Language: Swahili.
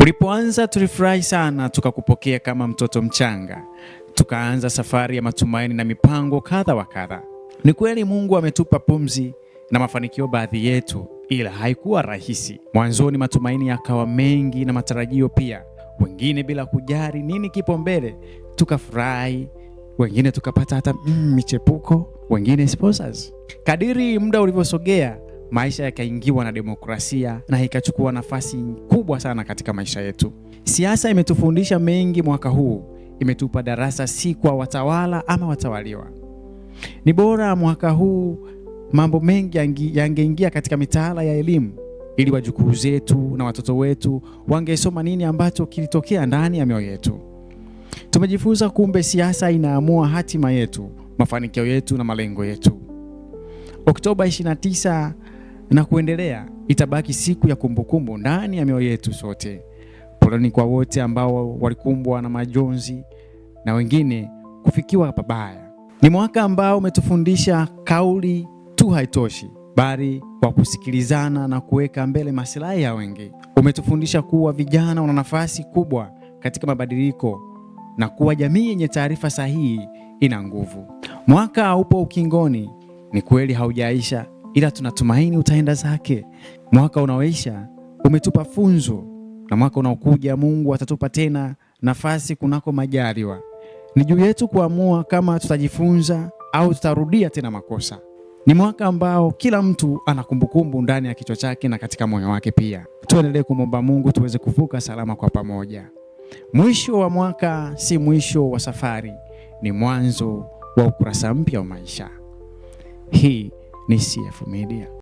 Ulipoanza tulifurahi sana, tukakupokea kama mtoto mchanga, tukaanza safari ya matumaini na mipango kadha wa kadha. Ni kweli Mungu ametupa pumzi na mafanikio baadhi yetu, ila haikuwa rahisi. Mwanzoni matumaini yakawa mengi na matarajio pia, wengine bila kujali nini kipo mbele, tukafurahi, wengine tukapata hata mm, michepuko, wengine sponsors. Kadiri muda ulivyosogea maisha yakaingiwa na demokrasia na ikachukua nafasi kubwa sana katika maisha yetu. Siasa imetufundisha mengi mwaka huu, imetupa darasa si kwa watawala ama watawaliwa. Ni bora mwaka huu mambo mengi yangeingia katika mitaala ya elimu ili wajukuu zetu na watoto wetu wangesoma nini ambacho kilitokea ndani ya mioyo yetu. Tumejifunza kumbe siasa inaamua hatima yetu, mafanikio yetu na malengo yetu. Oktoba 29 na kuendelea itabaki siku ya kumbukumbu ndani ya mioyo yetu sote. Poleni kwa wote ambao walikumbwa na majonzi na wengine kufikiwa pabaya. Ni mwaka ambao umetufundisha kauli tu haitoshi, bali kwa kusikilizana na kuweka mbele masilahi ya wengi. Umetufundisha kuwa vijana wana nafasi kubwa katika mabadiliko na kuwa jamii yenye taarifa sahihi ina nguvu. Mwaka upo ukingoni, ni kweli haujaisha ila tunatumaini utaenda zake. Mwaka unaoisha umetupa funzo, na mwaka unaokuja Mungu atatupa tena nafasi kunako majaliwa. Ni juu yetu kuamua kama tutajifunza au tutarudia tena makosa. Ni mwaka ambao kila mtu ana kumbukumbu ndani ya kichwa chake na katika moyo wake pia. Tuendelee kumwomba Mungu tuweze kuvuka salama kwa pamoja. Mwisho wa mwaka si mwisho wa safari, ni mwanzo wa ukurasa mpya wa maisha. Hii ni CF Media.